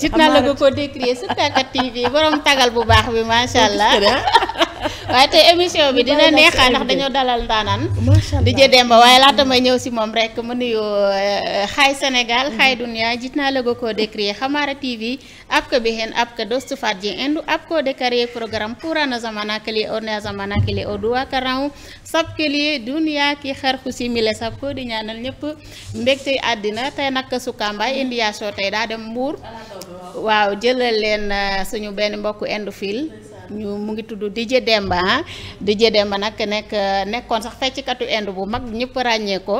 jit na la nga ko décrier Sutaka TV borom tagal bu baax bi macha allah. waaye tey émission bi dina neexaa ndax dañoo dalal ndaanaan di jë Demba waaye laata may ñëw si moom rek mu nuyu euh, xaay Sénégal mm-hmm. xaay dunia jitna lago ko décrier Hamara TV आपके बहन आपके दोस्त फाजी एंड आपको देखकर ये प्रोग्राम पूरा न जमाना के लिए और नया जमाना के लिए और दुआ कर रहा हूँ सबके लिए दुनिया की खैर खुशी di ñaanal ñëpp mbégte àddina tey nag Souka Mbaye mm-hmm. indi yaa soo tey daa dem Mbour waaw jëlal leen euh, suñu benn mbokku Indophile ñu mu ngi tudd DJ Demba ah DJ Demba nag nekk nekkoon sax feccikatu Inde bu mag ñëpp ràññee ko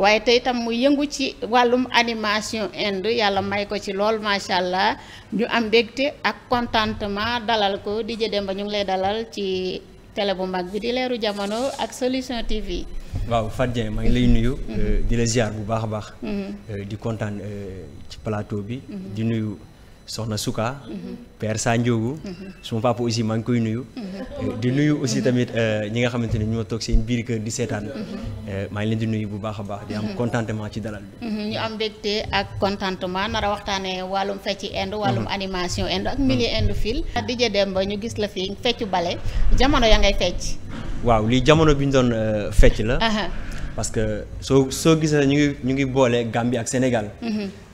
waaye te itam mu yëngu ci wàllum animation Inde yàlla may ko ci lool macha allah ñu am mbégte ak contentement dalal ko DJ Demba ñu ngi lay dalal ci télé bu mag bi di leeru jamono ak Solution TV. waaw Fatou Dieng maa ngi lay nuyu. Mm-hmm. Euh, di la ziar bu baax a baax. Mm-hmm. Euh, di kontaan euh, ci plateau bi. Mm-hmm. di nuyu. soxna Souka. Mhm. père Sanjoogu mhm. suma papa aussi maa ngi koy nuyu. Mhm. Eh, di nuyu aussi tamit euh, ñi nga xamante ne ñu ma toog seen biir kër di seetaan. Eh, maa ngi leen di nuyu bu baax a baax di am contentement ci dalal bi. ñu am mbégte ak contentement nara waxtaanee wàllum fecc Inde wàllum animation Inde ak milieu indophile. DJ Demba ñu gis la fii feccu bale jamono yaa ngay fecc. waaw lii jamono bi ñu doon euh, fecc la. parce que soo soo gisee ñu ñu ngi boole Gambie ak Sénégal.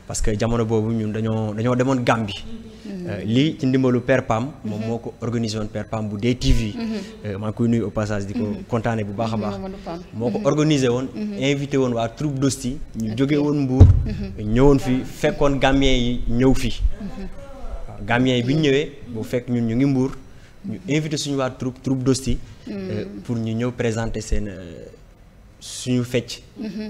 parce que jamono boobu ñun dañoo dañoo demoon Gambie. Mm-hmm. Euh, lii ci ndimbalu per Pam. moom moo ko organisé woon Père Pam bu DTV. Mm-hmm. Euh, maa ngi koy nuyu au passage di ko mm-hmm. kontaane bu baax a baax. moo ko organisé woon. invité woon waa troupe d'Osti ñu jóge woon Mbour. ñëwoon fii fekkoon Gambien yi ñëw fii waaw Gambien yi bi ñëwee bu fekk ñun ñu ngi Mbour. ñu invité suñu waa troupe troupe d'Osti euh, pour ñu ñëw présenter seen suñu fecc.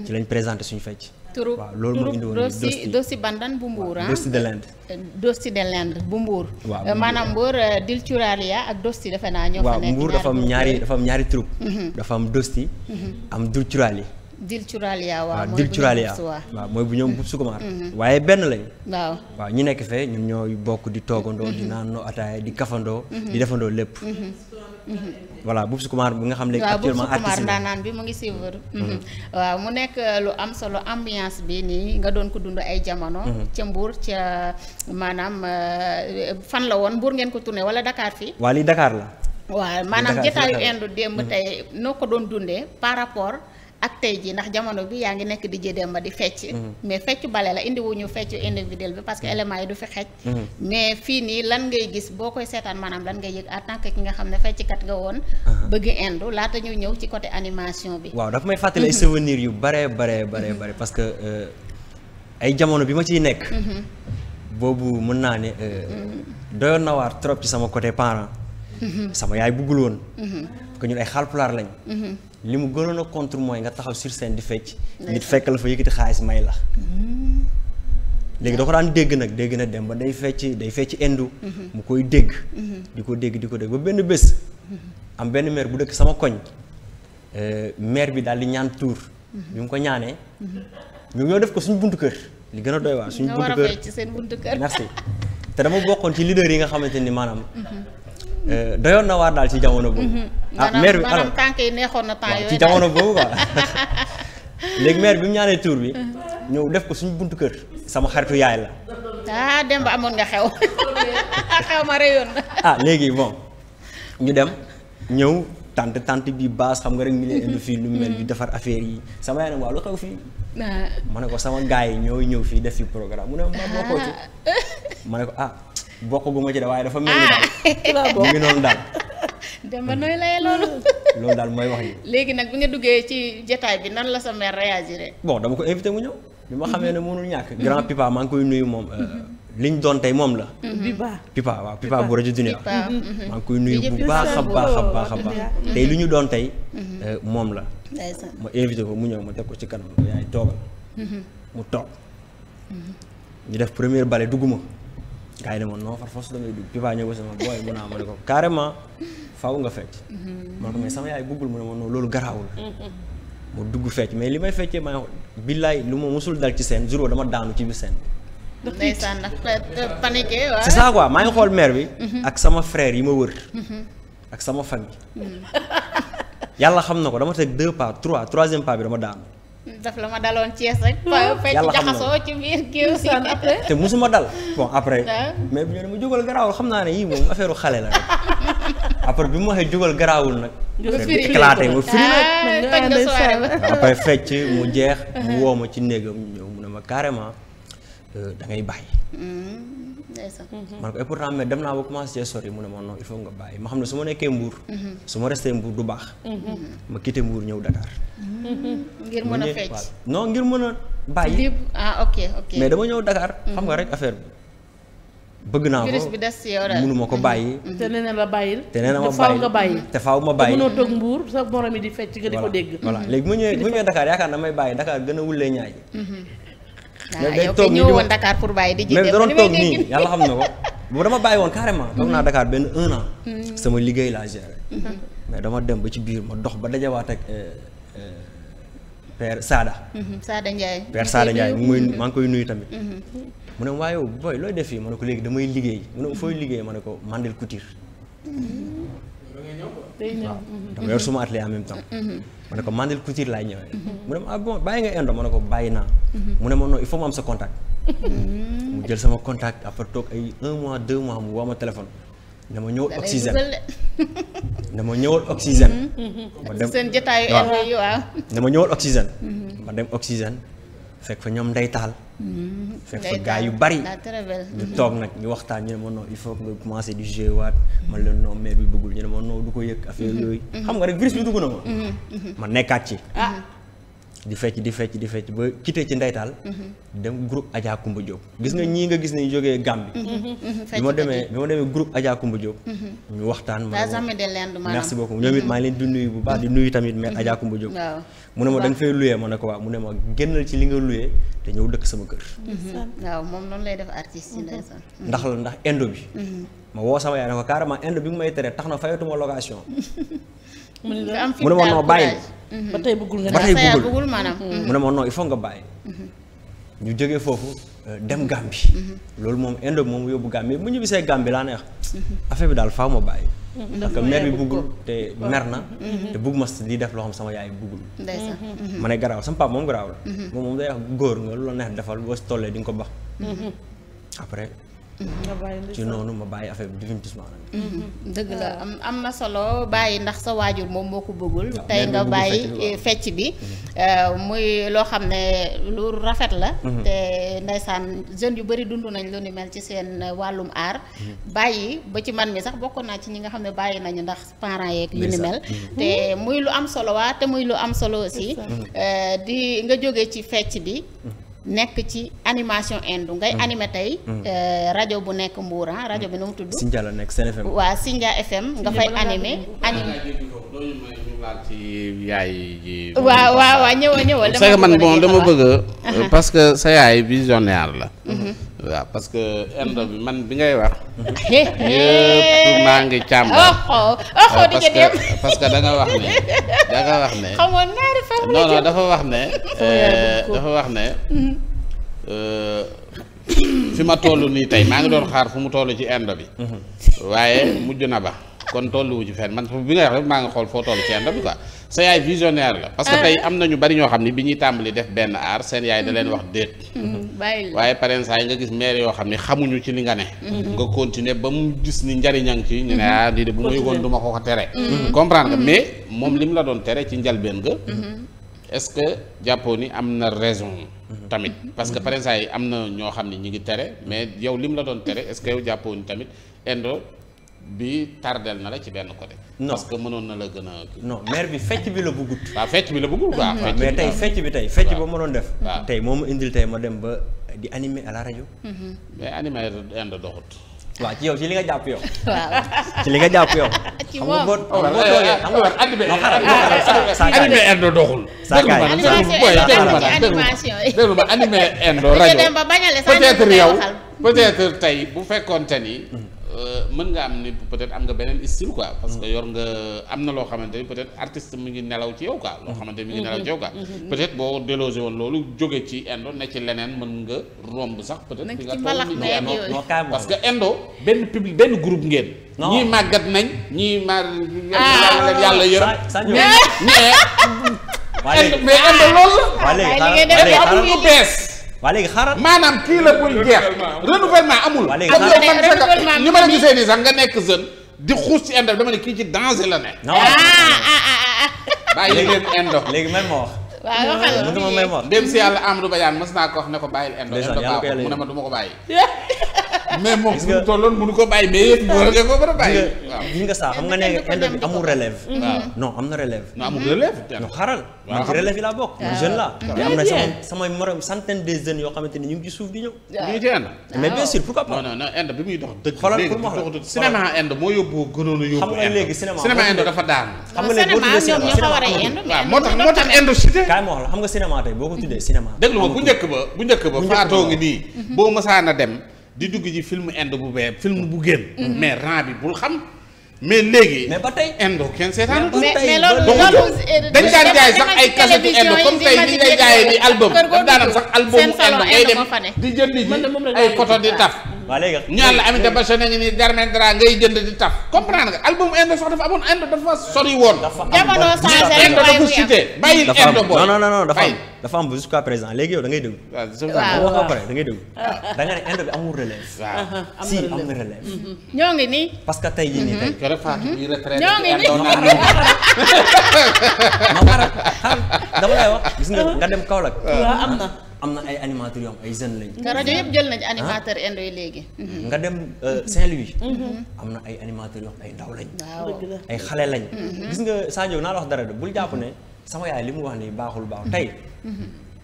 ci lañ présenter suñu fecc. turu turu dosi dosi bandan bu mbuur ah. dosi de l'Inde. Euh, dosi de l'Inde bu mbuur. waaw euh, maanaam mbuur euh, dilcuralia ak dosi defe naa ñoo. fa nekk ñaari waaw mbuur dafa am ñaari ñaari troupe. Mhm. dafa am dosti mhm. am dilcuralia. dilcuralia waaw mooy bu ñoom waaw mooy bu ñoom bu sukumaar. Mhm. waaye benn lañ. waaw waaw ñu nekk fee ñun ñooy bokk di toogandoo di naanoo ataaya di kafandoo. di defandoo lépp. voilà Boubs Soukumar bi nga xam léegi actuellement artiste ndaanaan bi mu ngi suivre mhm. Mhm. waaw mu nekk lu am solo ambiance bi nii nga doon ko dund ay jamono mhm. ca Mbour ca maanaam euh, fan la woon Mbour ngeen ko tourné wala dakaar fii waa lii Dakar la waaw maanaam jotaayu indu démb tey noo ko doon dundee par rapport ak tey jii ndax jamono bi yaa ngi nekk di dem ma di fecc mhm. mais fecc bale la indi wuñu fecc individuel bi parce que mhm. élément yi du fi xej mhm. mais fii nii lan ngay gis boo koy seetaan maanaam lan ngay yëg en tant que ki nga xam ne kat nga woon bëgg indu laata ñu ñëw ci côté animation bi waaw dafa may fàttali ay souvenirs yu bare bare bare bare parce que euh, ay jamono bi ma ciy nekk boobu mën naa ne euh, doyoon na waar trop ci sama côté parent sama yaay buggul woon que ñun ay lañ li mu gënoon a contre mooy nga taxaw sur scène di fecc nit fekk la fa yëkkati xaalis may la mm-hmm. léegi da ko daan dégg nag dégg na dem ba day fecc day fecc indu mm-hmm. mu koy dégg mm-hmm. di ko dégg di ko dégg ba benn bés am benn maire bu dëkk sama koñ euh, maire bi daal di ñaan tuur bi mu ko ñaanee mu ñoo def ko suñu buntu kër li gën a doy waa suñu buntu kër merci te dama bokkoon ci leader yi nga xamante ni maanaam Euh, doyoon na waar daal ci jamono boobu. Mhm. ah maire bi alors tànk neexoon na temps ci jamono boobu quoi léegi maire bi mu ñaanee tur bi. Mhm. ñëw def ko suñu buntu kër. sama xaritu yaay la. Ah, dem ba amoon nga xew. xew ma reyoon na. Ah, léegi bon ñu dem ñëw tant tant bi baas xam nga rek. ñu leen indi fii lu mel bi mhm. defar affaire yi. sama yaay nag waaw lu xew fii. Ah. ma ne ko sama gars yi ñooy ñëw fii def fi programme mu ne ma bokkoo ci ma ne ko ah. bokk gu ma da waaye dafa mel ni daal ah. mu noonu daal Demba nooy laye loolu loolu daal mooy wax yi léegi nag bi nga duggee ci jataay bi nan la sa mère réagiré bon dama ko invité mu ñëw bi ma xamee ne mënul ñàkk grand pipa maa ngi koy nuyu moom euh, mm-hmm. li ñu doon tey moom la mm-hmm. pipa pipa waaw pipa bu rajo Dunia maa ngi koy nuyu bu baax baax a baax a baax mm-hmm. tey li ñu doon tey euh, moom la ma invité ko mu ñëw ma teg ko ci kanam yaay toogal mu toog ñu def première bale dugguma gars yi ne ma non far force damay dugg Pipa ñëw ba sama booy mu naa ma ne ko carrément faaw nga fecc mhm. ma ko mais sama yaay bëggul mu ne ma non loolu garaawul mu dugg fecc mais li may feccee may billaay lu ma musul dal ci seen juróom dama daanu ci biir seen ndeysaan nag maa ngi xool mère bi mhm. ak sama frère yi ma wër mhm. ak sama famille yàlla xam na ko dama teg deux pas trois troisième pas bi dama daanu daf la ma daloon Thiès rek. Ah. yàlla xam jaxasoo ci biir géew si après. te musuma dal bon après. Ah. mais bu ñu ne ma jógal garaawul xam naa ne yii moom affaire xale la rek après bi mu waxee jógal garaawul nag. éclaté ma firi nag. Ah, après fecc mu jeex. mu woo ma ci néegam ñëw mu ne ma carrément euh, da ngay bàyyi. Hmm. Mm-hmm. man ko et pourtant mais dem naa ba commencé sori mu ne ma non il faut nga bàyyi ma xam ne su ma nekkee mbuur mm-hmm. su ma restee mbuur du baax mm-hmm. ma quitté mbuur ñëw Dakar ngir mën a fecc non ngir mën a bàyyi ah, te nee na la bàyyil. te nee ma bàyyi nga bàyyi. te faaw ma bàyyi te mënoo toog mbuur sa morom yi di fecc nga di ko dégg. voilà léegi bu ñëwee bu ñëwee Dakar yaakaar na bàyyi Dakar gën a wulee ñaay. mais day toog nii woon Dakar pour bàyyi di jiite mais doon toog nii yàlla xam na ko bu dama bàyyi woon carrément mm-hmm. toog naa Dakar benn un an mm-hmm. sama liggéey laa géré mm-hmm. mais dama dem ba ci biir ma dox ba dajawaat ak euh, euh, Père Sada Sada Ndiaye Père Sada Ndiaye mu ngi maa koy nuyu tamit mu ne waaye booy looy def fii ma ne ko léegi damay liggéey mu ne fooy liggéey ma ne ko Mandel Couture Mhm. dama yor suma atelier en même temps mhm. Mhm. ma ne ko mandil couture laay ñëwee mu ne ma ah bon bàyyi nga indo ma ne ko bàyyi naa mu ne ma non il faut ma am sa contact mu jël sama contact après toog ay un mois deux mois mu woo ma téléphone na ma ñëwal oxygène na ma ñëwal oxygène ma dem seen ñëwal oxygène dem oxygène fekk fa ñoom taal Mm-hmm. fekk fa gars yu bari ñu toog nag ñu waxtaan ñu ne ma non il faut que nga commencé di jouer waat man leen non maire bi bëggul ñu ne ma non du ko yëg affaire mm-hmm. yooyu mm-hmm. xam nga rek virus bi dugg na ma ma nekkaat ci ah. di fecc di fecc di fecc ba quitté ci ndeytaal mm-hmm. dem groupe ajaa Kumba Diop gis nga ñii nga gis ni ñu jógee Gambie mm-hmm. Mm-hmm. bi ma demee bi ma demee groupe Adja Kumba Diop ñu waxtaan ma merci beaucoup ñoom it maa ngi leen nuyu bu baax di nuyu tamit maire Adja Kumba Diop mu ne ma da nga fay luyee ma ne ko mu ne ma génnal ci li nga luyee te ñëw dëkk sama kër moom noonu lay ndax la ndax indo bi ma woo sama yaay ne ko carrément indo bi mu may tere tax na fayatuma location mu ne ma non bàyyi Mhm. ba tey bëggul nga ba tey a maanaam mhm. mu ne ma non il faut nga bàyyi mhm. ñu jógee foofu euh, dem Gambie loolu moom indo moom yóbbu Gambie bu ñu bisee Gambie laa neex affaire bi daal faaw ma bàyyi parce que mer bi buggul te mer na te bugg ma li def loo xam sama yaay buggul ma ne garaaw sama papa moom garaaw la moom moom day wax góor nga lu la neex defal boo tollee di nga ko ba après ci noonu ma bàyyi affaire bi définitivement nag. Mm-hmm. dëgg la am am na solo bàyyi ndax sa waajur moom moo ko bëggul. tey nga bàyyi eh, fecc bi. Mm-hmm. Euh, muy loo xam ne lu rafet la. Mm-hmm. te ndaysaan jeunes yu bari dund nañ lu ni mel ci seen euh, wàllum aar. bàyyi ba ci man mi sax bokk naa ci ñi nga xam ne bàyyi nañu ndax parent yeeg yu ni mel. te muy lu am solo waa te muy lu am solo aussi. Euh, di nga jóge ci fecc bi. nekk ci animation indu ngay mm. animé tey mm. euh, rajo bu nekk Mbour ah, rajo bi nu mu tudd Sindia la nekk Sen FM waaw Sindia FM nga fay anime animé waaw waaw waaw ñëwal ñëwal parce que dama bëgg euh, parce que sa yaay visionnaire la waaw parce que endo bi man bi ngay wax. yëpp maa ngi càmbar. oxo oh, oxo oh, oh, parce que da nga wax ne da wax ne. xamoon ñaari fan non non dafa wax ne. Eh, dafa wax ne. Mm-hmm. Eh, fi ma toll nii tey maa ngi doon xaar fu mu toll ci endo bi. Mm-hmm. waaye mujj na ba kon tolluwu ci fenn man bi ngay wax rek maa ngi xool foo toll ci endo bi quoi. sa yaay visionnaire la parce que ah. tey am na ñu bari ñoo xam ne bi ñuy tàmbali def benn aar seen yaay da leen mm-hmm. wax déet mm-hmm. waaye parents yi nga gis mère yoo xam ne xamuñu ci li nga ne mm-hmm. nga continuer ba mu gis ni njariñang ci ñu ne ah lii de bu ma yëgoon du ma ko ko tere comprendre nga mais moom li mu la doon tere ci njalbeen ga est-ce que jàppoo ni am na raison tamit parce que parents yi am na ñoo xam ne ñi ngi tere mais yow li mu la doon tere est-ce que yow tamit indo bi tardel na la ci benn côté. parce que mënoon a. bi fecc bi la bëggut. waaw fecc bi la bëggut mhm. mais tey fecc bi tey fecc ba ma doon def. waaw tey moom indil tey ma dem ba di animer à la rajo. Mhm. mais animer ànd doxut. waaw ci yow ci li nga jàpp yow. waaw ci li nga jàpp yow. ci moom xam nga boo tooyee xam nga animé animé indo doxul. saakaay déglu ma animé indo rajo peut-être yow Euh, mën nga am ni peut-être am nga beneen style quoi. parce que yor nga am na loo xamante peut-être artiste mi ngi nelaw ci yow quoi. loo xamante ni ngi nelaw ci yow quoi. Mm-hmm. peut-être boo délogé woon loolu jóge ci indo ne ci leneen mën nga romb sax peut-être. di nga toog benn public ngeen. ñii màggat nañ ñii ma. ah yàlla yërëm mais mais indo loolu la. waaw léegi xaaral xaaral waa léegi xaaral maanaam kii la pour jeex renouvellement amul waa léegi xaaral ni ma la gisee nii sax nga nekk jeune di xuus ci indo dama ne kii ci danger la ne ah, ah, ah, bàyyi leen indo léegi man ma wax waaw waxal mënuma may ma wax dem si yàlla ne ko bàyyi indo indo baaxul mu ne ma du ma ko bàyyi mais moom bu ñu tolloon mënu ko bàyyi mais yëpp nga a saa xam nga ne end bi amul relève. Mm-hmm. waaw am na relève. non amul relève. non xaaral man ci relève bokk. man ah. na samay samay morom centaine de yoo xamante ni ñu ngi ci suuf ah. bi muy dox dëgg. xoolal pour ma xoolal cinéma Inde a xam nga léegi moo tax moo tax Inde cité. kaay ma wax la xam tey boo ko tuddee cinéma. déglu ma bu njëkk ba bu njëkk ba faatoo ngi nii mm-hmm. boo mësaan a dem di dugg ji film indo bu bee film bu génn. mais rang bi bul xam. mais léegi. mais ba tey Inde kenn seetaanatu. mais mais loolu dañ daan jaay sax ay kasetu Inde comme tey ni ngay jaayee ni album dañ daan am sax album Inde ngay dem di jëndi ji ay koto di taf. waa léegi ñaan la Aminata Bacho nañu ni Dermendra ngay jënd di taf comprendre nga album Indo sax dafa amoon Indo dafa sori woon. dafa am jamono changé Indo dafa yow da ngay déglu. waaw wax ba pare da ngay déglu. Ah. da mhm. ñoo ngi ni parce que tey jii nii tey. Mhm. Mhm. gis nga ah. nga dem Kaolack. waaw am na ay animateurs yoo ay jeunes lañu. nga rajo yëpp jël nañ animateur indo ah. yi léegi. Mm-hmm. nga dem euh, Saint-Louis. Mm-hmm. am na ay animateurs yoo ay ndaw lañ. ay xale lañ. Mm-hmm. gis nga Sadio naa la wax dara de bul jàpp ne sama yaay li mu wax nii baaxul baaxul tey.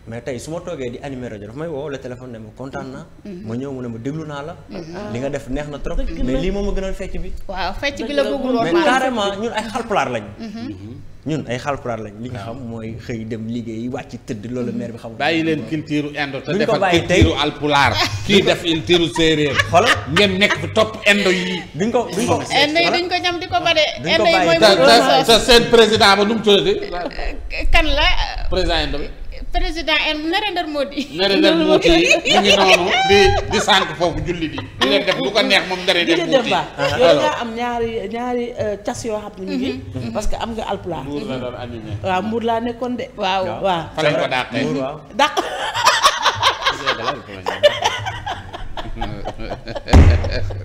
mais tey su ma toogee di animé rajo daf may woo la téléphone ne ma kontaan naa. Mhm. ma ñëw mu ne ma déglu naa la. Mhm. li nga def neex na trop. mais lii moom a gënal fecc bi. waaw fecc bi la bëggul woon mais carrément ñun ay xalpulaar lañ. Mhm. ñun ay xalpulaar lañ li nga xam mooy xëy dem liggéey wàcc tëdd loolu maire bi xamul. bàyyi leen culture indo te defal culture alpulaar. kii def culture séeréer. xoolal ngeen nekk fi topp indo yi. duñ ko duñ ko indo yi duñ ko ñam di ko ba de. indo yi mooy mu seen président ba nu la président indo président en Narendra Modi. Narendra Modi mu ngi noonu di di sànq foofu julli di. di leen def lu ko neex moom Narendra Modi. di ah, yow nga am ñaari ñaari euh, cas yoo xam ne ngi mhm. parce que am nga alpulaar. mbuur la doon animé. Mhm. laa nekkoon de. waaw waaw fa ko dàqee. Mhm. dàq.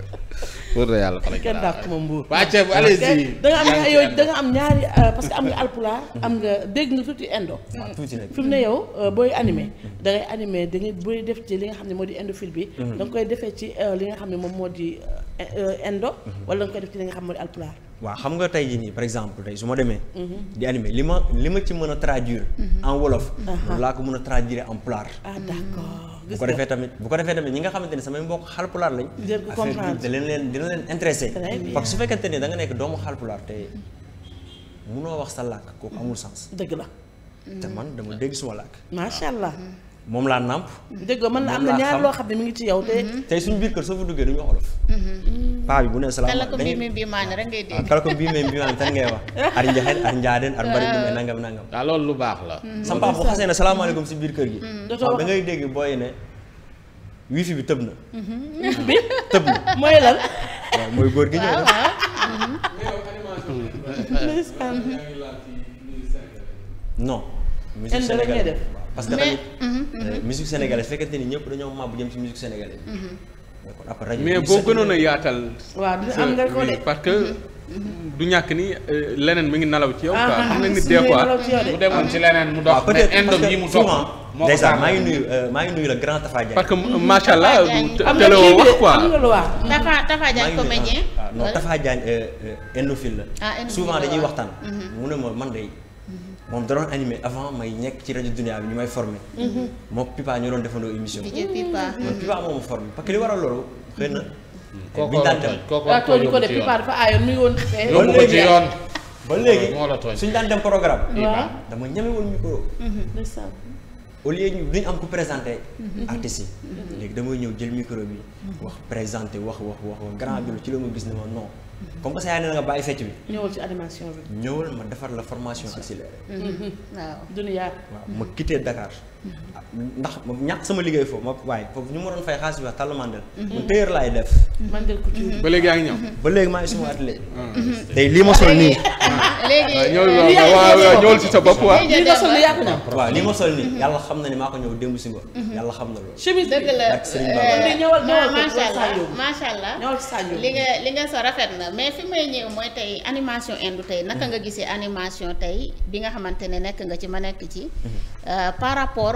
wër na yàlla xale kenn dàq ma mbuur da nga am yooyu am ñaari euh, parce que am nga alpulaar am nga dégg nga tuuti indo fi mu ne yow euh, booy anime da anime animé da ngay booy def ci li nga xam ne moo di indophile bi mm-hmm. da nga koy defee ci euh, li nga xam ne moom moo di indo mm-hmm. wala da nga koy def ci li nga xam moo di alpulaar waaw xam nga tey jii nii par exemple tey su ma demee. Mhm. di animer li ma li ma ci mën a traduire. Mhm. en wolof. Uh-huh. loolu laa ko mën a traduire en pulaar. ah d'accord bu ko defee tamit bu ko defee tamit ñi nga xamante ne samay mbokk xalpulaar lañ. jël ko comprendre dina leen dina leen intéressé. parce que su fekkente ne da nga nekk doomu xalpulaar te munoo wax sa làkk kooku amul sens. dëgg la. te man dama mm. dégg suma làkk. macha allah. moom laa nàmp. dëgg la am na ñaar loo xam ne mu ngi ci yow te. Mhm. tey suñu biir kër soo fa duggee du ñu xolof. Mhm. paa bi bu nee salaam. kàlla ko bii bii maane rek ngay dégg. Ah, kàlla ko bii bii maane tan ngay wax. ar njaxeen ar njaadeen ar mbari bi ah. nangam nangam. waaw ah, loolu lu baax la. Mhm. sa paa bu si biir kër gi. dootoo da ngay dégg booy ne. wifi na. wifi bi gi ñëw non. parce que tamit mm-hmm, mm-hmm. Euh, musique sénégalaise fekkente ñëpp dañoo màbb jëm ci musique sénégalaise. Mm-hmm. mais boo gënoon a yaatal. parce que. du ñàkk ni euh, leneen mu ngi nalaw ci yow. ah ah xam nga nit des fois bu demoon ah, ci leneen mu dox. peut maa ngi nuyu euh, maa ngi nuyu la grand Tafa Diagne. parce que macha allah télé woo wax quoi am na Tafa Tafa Diagne comédien. Ah, non la. Ah, souvent dañuy waxtaan. mu ne ma man de. moom da doon animé avant may nekk ci rajo Dunia bi ñu may formé. Mhm. moo Pipa ñoo doon defandoo émission. DJ Pipa man mhm. Pipa moo ma formé parce que li waral loolu mhm. kooku waaw tooñu ko de Pipa dafa aayoon mi ngi woon. loolu ko ci yoon ba léegi suñu daan dem programme. dama ñeme woon micro. au lieu ñu duñ am ku présenté. artistes yi. léegi damay ñëw jël micro bi. wax présenté wax wax wax grand bi ci la ma gis ne ma non. comme que sa yaay nee na nga bàyyi fecc bi. ñëwal ci animation bi. ñëwal ma defar la formation accélérée. Mm-hmm. Mm-hmm. waaw duniyaa. waaw ma quitté Dakar. ndax ñàkk sama liggéey foofu ma waaye foofu ñu ma doon fay xaalis bi wax tàll mandel mhm. man téyër laay def mhm. mandel couture ba léegi yaa ngi ñëw ba léegi maa mhm. ma sol nii léegi ah, ñëwal si sa bopp waaw waaw lii ma sol yàlla xam na ni maa ko ñëw démb si ngoon yàlla xam na loolu chemise dëgg macha allah macha li nga li nga so rafet na mais fi may ñëw mooy tey animation indu tey naka nga gisee animation tey bi nga xamante ne nekk nga ci ma nekk ci euh, par rapport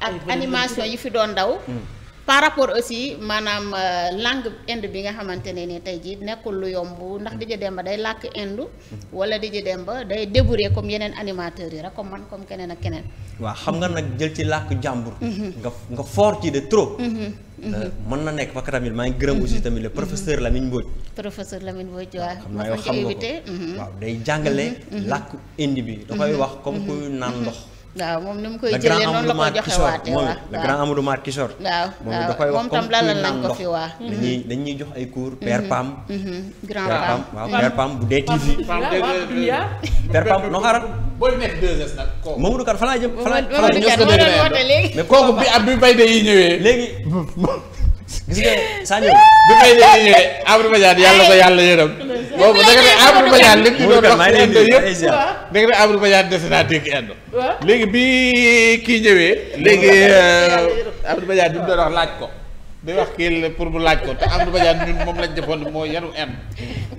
ak animation yi fi doon daw mm. par rapport aussi maanaam euh, langue inde bi nga xamante ne ni tey jii nekkul lu yomb ndax mm. Dj Demba day làkk indu mm. wala Dj Demba day débouré comme yeneen animateurs yi rek comme man comme keneen keneen. waaw xam nga nag jël ci làkk jàmbur. Mm-hmm. nga nga foor ci de trop. Mm-hmm. Euh, mm-hmm. mën na nekk parce que tamit maa ngi gërëm aussi tamit le professeur Lamine Mbodj. professeur Lamine Mbodj waaw. xam naa yow xam nga ko waaw day jàngale. làkk indi bi da wax comme kuy naan ndox. waaw moom ni mu koy jëlee noonu la ko joxe waatee waaw le grand Amadou Mar da waaw waaw moom tam lalal nañ ko fi waa dañuy jox ay cours mhm. père Pam mhm. grand Pam waaw père Pam bu dee TV père Pam no xaaral booy nekk 2S nag kooku Mamadou Kane fa laa jëm fa laa jëm mais kooku bi ab bi bay de yi ñëwee léegi gis nga Sadio bi bay de yi ñëwee Amadou Badiane yàlla ko yàlla yërëm boobu da nga ne Amadou Badiane li mu doon wax ci indo yëpp da nga ne Amadou dese naa dégg indo léegi bi kii ñëwee léegi euh, Amadou Badiane bi mu doon wax laaj ko day wax kii pour bu laaj ko te Amadou Badiane ñun moom lañ jëfoon mooy yaru indo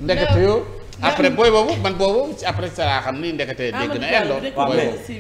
ndekete yoo après booy boobu man boobu après saa xam ni ndekete dégg na indo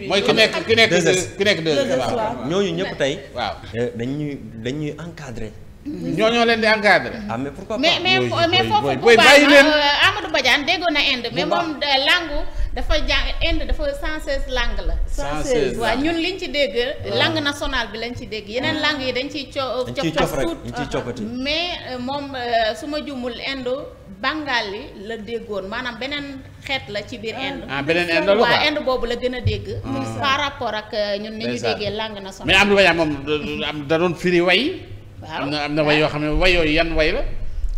mooy ki nekk ki nekk ki nekk deux waaw ñooñu ñëpp tey waaw euh, dañuy dañuy encadré ñoo ñoo leen di encadré. ah mais pourquoi pas mais mais foofu bu baax euh, Amadou Badiane déggoon na Inde. mais moom euh, langue dafa jàng Inde dafa 116 langue la. 116 waaw ñun liñ ci dégg. langue nationale bi lañ ci dégg. yeneen ah. làng yi dañ ciy co cof tuut mais euh, moom su ma juumul Inde Bengali la déggoon maanaam beneen xeet la ci biir ah. Inde. ah beneen Inde la waaw Inde boobu la gën a dégg. Ah. par rapport ak ñun ni ñu déggee langue nationale. mais Amadou Badiane moom da doon firi way. am na am na way yoo xam ne way yooyu yan way la.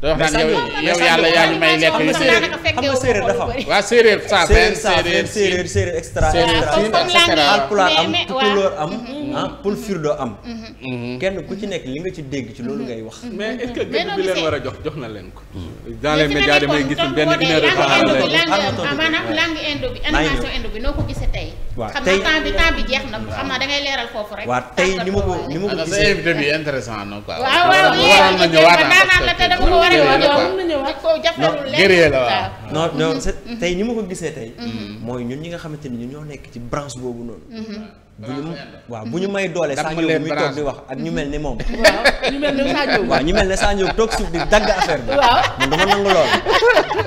da wax naan yow yow yàlla yaa ñu may lekk yu séeréer xam nga séeréer dafa am. waaw séeréer saa benn séeréer séeréer séeréer extra extra. séeréer siin et cetera alpulaar am tukulóor am. Mm-hmm. ah pour firdo am. Mhm. Mhm. kenn ku ci nekk li nga ci dégg ci loolu ngay wax. mais est-ce bi leen war a jox jox na leen ko. Mhm. dans les gis benn une heure de temps maanaam langue indo bi animation tey. waaw tey xam naa temps bi ah, intéressant na quoi. waaw waaw waroon na ñëwaat te dama leen non non tey ni ma ko gisee tey. mooy ñun ñi nga xamante ni ñoo nekk ci branche boobu noonu. bu ñu waaw bu ñu may doole Sadio mi toog di wax ak ñu mel ni moom. waaw ñu mel ne Sadio. waaw ñu mel toog suuf di dagg affaire bi. waaw man dama nangu lool.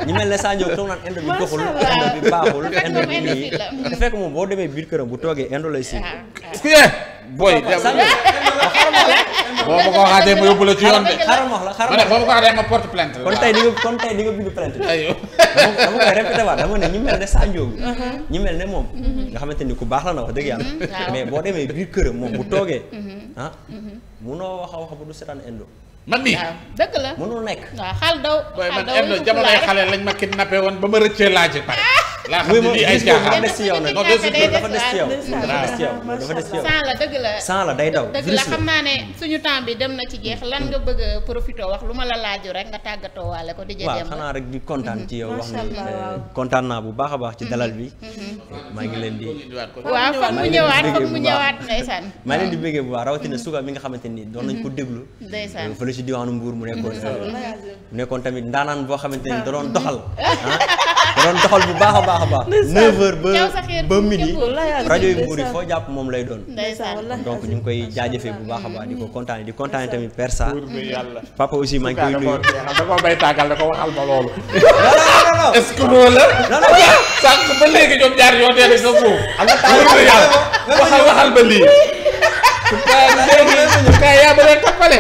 ñu mel ne Sadio toog naan indo bi doxul indo bi baaxul indo bi nii te fekk moom boo demee biir këram bu toogee indo lay siiw. Ah, ah. ku boo ma ko waxaatee ma yóbbu la ci yoon de. xaaral ma wax la xaaral ma ma ko waxaatee ma porte plainte la. kon tey di nga kon tey di nga dama koy ñu mel ne mhm. mhm. xamante ni ku baax la na wax yàlla. Mhm, mais boo demee biir këram moom bu toogee. ah munoo wax a wax bu du seetaan man mii waaw dëgg la nekk. waaw xaal daw xaal daw man indo jamonoy xale lañ ma kidnappé woon ba ma rëccee laajee pare. laa xam ne lii ay caaxaan des ci yow nag dafa des ci yow dafa des ci yow dafa des ci yow sans la dëgg la sans la day daw dëgg la xam naa ne suñu temps bi dem na ci jeex lan nga bëgg a profité wax lu ma la laaju rek nga tàggatoo waale ko di jël waaw xanaa rek di kontaan ci yow wax ni eh, kontaan naa bu baax a baax ci mhm. dalal bi mhm. maa ngi leen di waaw foog mu ñëwaat foog mu ñëwaat ndeysaan maa leen di bëggee bu baax rawatina mhm. suga mi nga xamante ni doon nañ ko déglu ndeysaan fële ci diwaanu Mbuur mu nekkoon eh, mu nekkoon tamit ndaanaan boo xamante ni da doon doxal ah. da doon doxal bu baax a baax a baax. 9h ba ba midi rajo yu Mouride foo jàpp moom lay doon. donc ñu ngi koy jaajëfee bu baax a baax di ko kontaane di kontaane tamit per sa. papa aussi maa ngi koy nuyu. da koo bay tàggal da ko waxal ma loolu. est ce que loolu la. sànq ba léegi ñoom ñaar ñoo teel a sa foofu. waxal waxal ba lii. kay yaa ba leen toppale.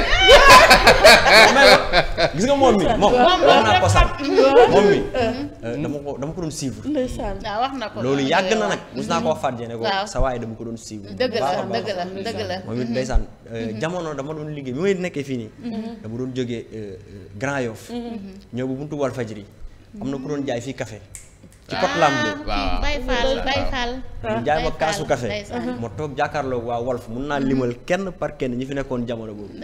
gis nga moom mi moom wax naa ko sax moom mi. Euh, dama ko dama ko doon suivre. loolu yàgg na nag mos naa ko wax Fatou ne ko sa waaye dama ko doon suivre. dëgg dëgg la dëgg la moom it mm-hmm. ndeysaan euh, mm-hmm. jamono dama doon liggéey bi may nekkee fii nii. Mm-hmm. dama doon jógee euh, Grand Yoff. ñëw bu buntu Walfadjri am na ku doon jaay fii café ci pot lamb bi waaw ah, bay faal bay faal ñu jaay ma kaasu café ma toog jàkkaarloog waa Walf mun naa mm-hmm. limal kenn par kenn ñi fi nekkoon jamono boobu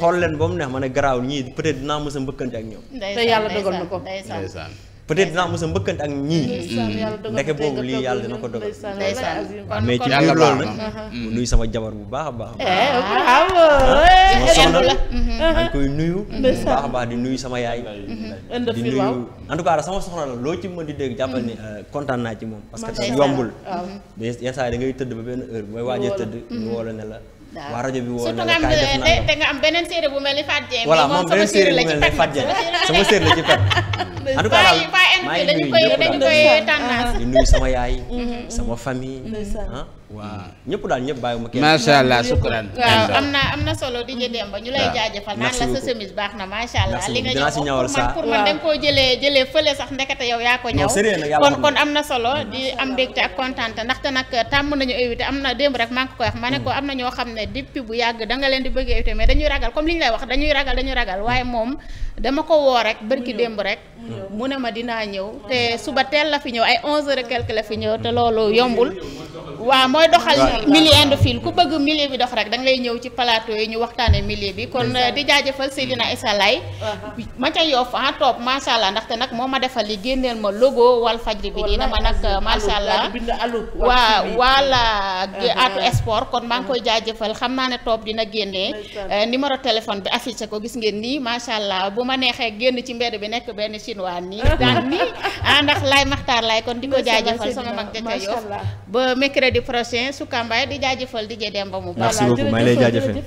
xool leen ba mu neex ma ne garaaw ñii peut-être dinaa mës a mbëkkante ak ñoom te yàlla dogal na ko peut-être dinaa mos a mbëkkante ak ñii. ndeke boobu lii yàlla dina ko doge mais ci biir loolu nag. nuyu sama jabar bu baax a baax. Eh, ah. Ah, eh, sama soxna maa koy nuyu. Mm-hmm. baax baax di nuyu sama yaay. Mm-hmm. di en tout cas sama soxna la loo ci mën di dégg jàppal ni euh, kontaan naa ci moom. parce que tam yombul. yenn saa yi da ngay tëdd ba benn heure mooy waajee tëdd. ñu mm-hmm. woo la ne la. waa rajo bi woo na la kaay def na te nga am beneen séeréer bu mel ni Fatou Dieng. voilà moom beneen séeréer bu mel ni sama séeréer la ci pet. en tout cas daal dañu koy dañu koy sama yaay. Mm-hmm. sama famille. waaw ñëpp daal ñëpp bàyyi ma kenn. macha allah sukkuraan. waaw am na am na solo di Demba ñu lay jaajëfal. naan la sa semise baax na macha allah. li nga ñëw pour man pour man da nga koo jële jëlee fële sax ndekete yow yaa ko ñëw. kon kon am na solo di am mbégte ak kontaan ndaxte nag euh, tàmm nañu invité am na démb rek maa ngi ko wax ma ne ko mm. am na ñoo xam ne depuis bu yàgg da nga leen di bëgg invité mais dañuy ragal comme li ñu lay wax dañuy ragal dañu ragal mm. waaye moom dama ko woo rek bërki démb rek. mu ne ma dinaa ñëw suba teel la fi ñëw ay 11 heures fi ñëw te loolu yombul mm. waaw mooy doxal milieu indophile ku bëgg milieu bi dox rek da lay ñëw ci plateau yi ñu waxtaane milieu bi kon di jaajëfal Seydina Issa Laye uh-huh. ma ca Yoff ah toog macha allah ndaxte nag moo ma defal li génneel ma logo wal fajri bi dina ma nag macha allah waa wala uh-huh. atu sport kon maa ngi koy jëfal xam naa ne toog dina génne uh, numéro téléphone bi affiché ko gis ngeen nii macha allah bu ma neexee génn ci mbedd bi nekk benn chinois nii daan nii ah ndax Laye Makhtar Laye kon di ko jaajëfal sama mag ja ca ba mercredi mercredi prochain Souka Mbaye di jaajëfal di jee dem ba mu. merci beaucoup may lay jaajëfal